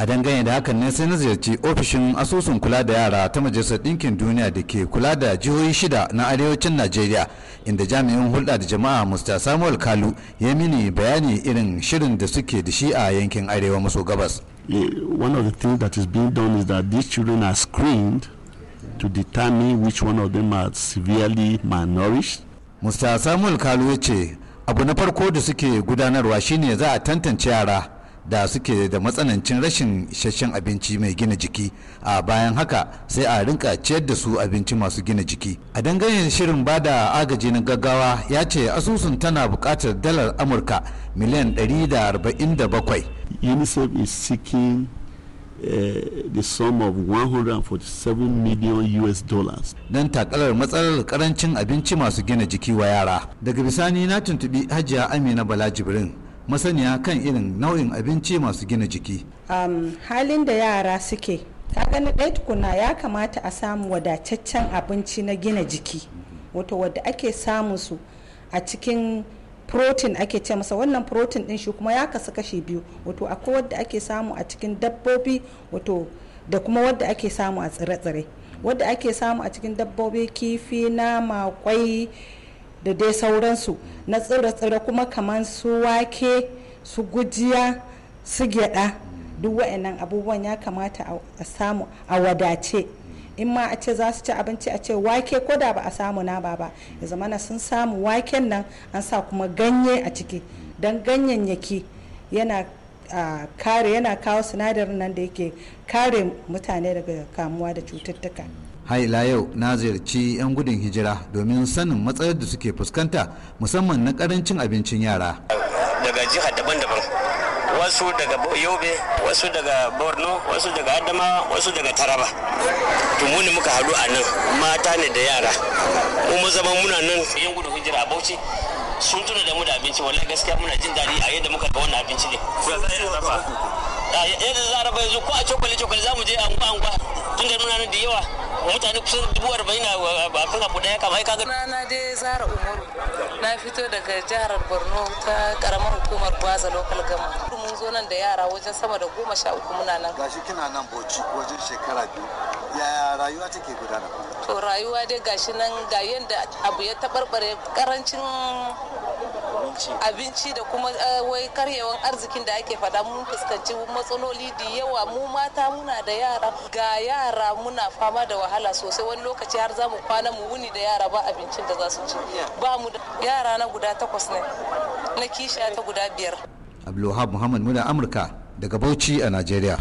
a dangane da hakan ne sai na ziyarci ofishin asusun kula da yara ta majalisar ɗinkin duniya da ke kula da jihohi shida na arewacin najeriya inda jami'in hulɗa da jama'a musta samuel kalu ya mini bayani irin shirin da suke da shi a yankin arewa maso gabas eh, one of the things that is being done is that these children are screened to determine which one of them are severely malnourished musta samuel kalu ya ce abu na farko da suke gudanarwa shine za a tantance yara da suke da matsanancin rashin isasshen abinci mai gina jiki a bayan haka sai a rinka ciyar da su abinci masu gina jiki a dangane shirin bada agaji na gaggawa ya ce asusun tana buƙatar dalar amurka miliyan 147 unicef is seeking Uh, the sum of 147 million US dollars. Don takarar matsalar karancin abinci masu gina jiki wa yara. Daga bisani na tuntubi Hajiya Amina Bala Jibrin masaniya kan irin nau'in abinci masu gina jiki halin da yara suke ta gani ɗaya tukuna ya kamata a samu wadataccen abinci na gina jiki wato wadda ake samu su a cikin protein ake ce masa wannan protein din shi kuma ya kasu kashi biyu wato akwai wadda ake samu a cikin dabbobi wato da kuma wadda ake samu a tsire-tsire wadda ake samu a cikin dabbobi kifi nama kwai da dai sauransu na tsire-tsire kuma kamar su wake su gujiya su gyada duk wa'annan abubuwan ya kamata a samu a wadace in ma a ce za su ci abinci a ce wake ko da ba a samu na ba ba ya zamana sun samu waken nan an sa kuma ganye a ciki don ganyayyaki yana kare yana kawo sinadarin nan da yake kare mutane daga kamuwa da cututtuka haila yau na ziyarci 'yan gudun hijira domin sanin matsayar da suke fuskanta musamman na karancin abincin yara daga jiha daban-daban wasu daga yobe wasu daga borno wasu daga adamawa wasu daga taraba tumu ne muka haɗu a nan mata ne da yara mu zama muna nan yan gudun hijira a bauchi sun tuna da mu da abinci wallahi gaskiya muna jin daɗi a yadda muka ga wannan abinci ne yadda za a yanzu ko a cokali cokali za mu je an gwa tun da muna da yawa mutane kusan dubu arba'in a kan abu daya aika gani na dai zara umaru na fito daga jihar borno ta karamar hukumar Gwaza local gama mun zo nan da yara wajen sama da goma sha uku muna nan gashi kina nan bauchi wajen shekara biyu rayuwa take gudana to rayuwa dai gashi nan ga yadda abu ya taɓarɓare karancin abinci da kuma eh, wai karyewan arzikin da ake faɗa mun fuskanci matsaloli da yawa mu mata muna da yara ga yara muna fama da wahala sosai wani lokaci har za mu kwana mu wuni da yara ba abincin da za su ci ba mu da yara na guda takwas ne na kishiya ta guda biyar abdulwahab muhammad muna amurka daga bauchi a najeriya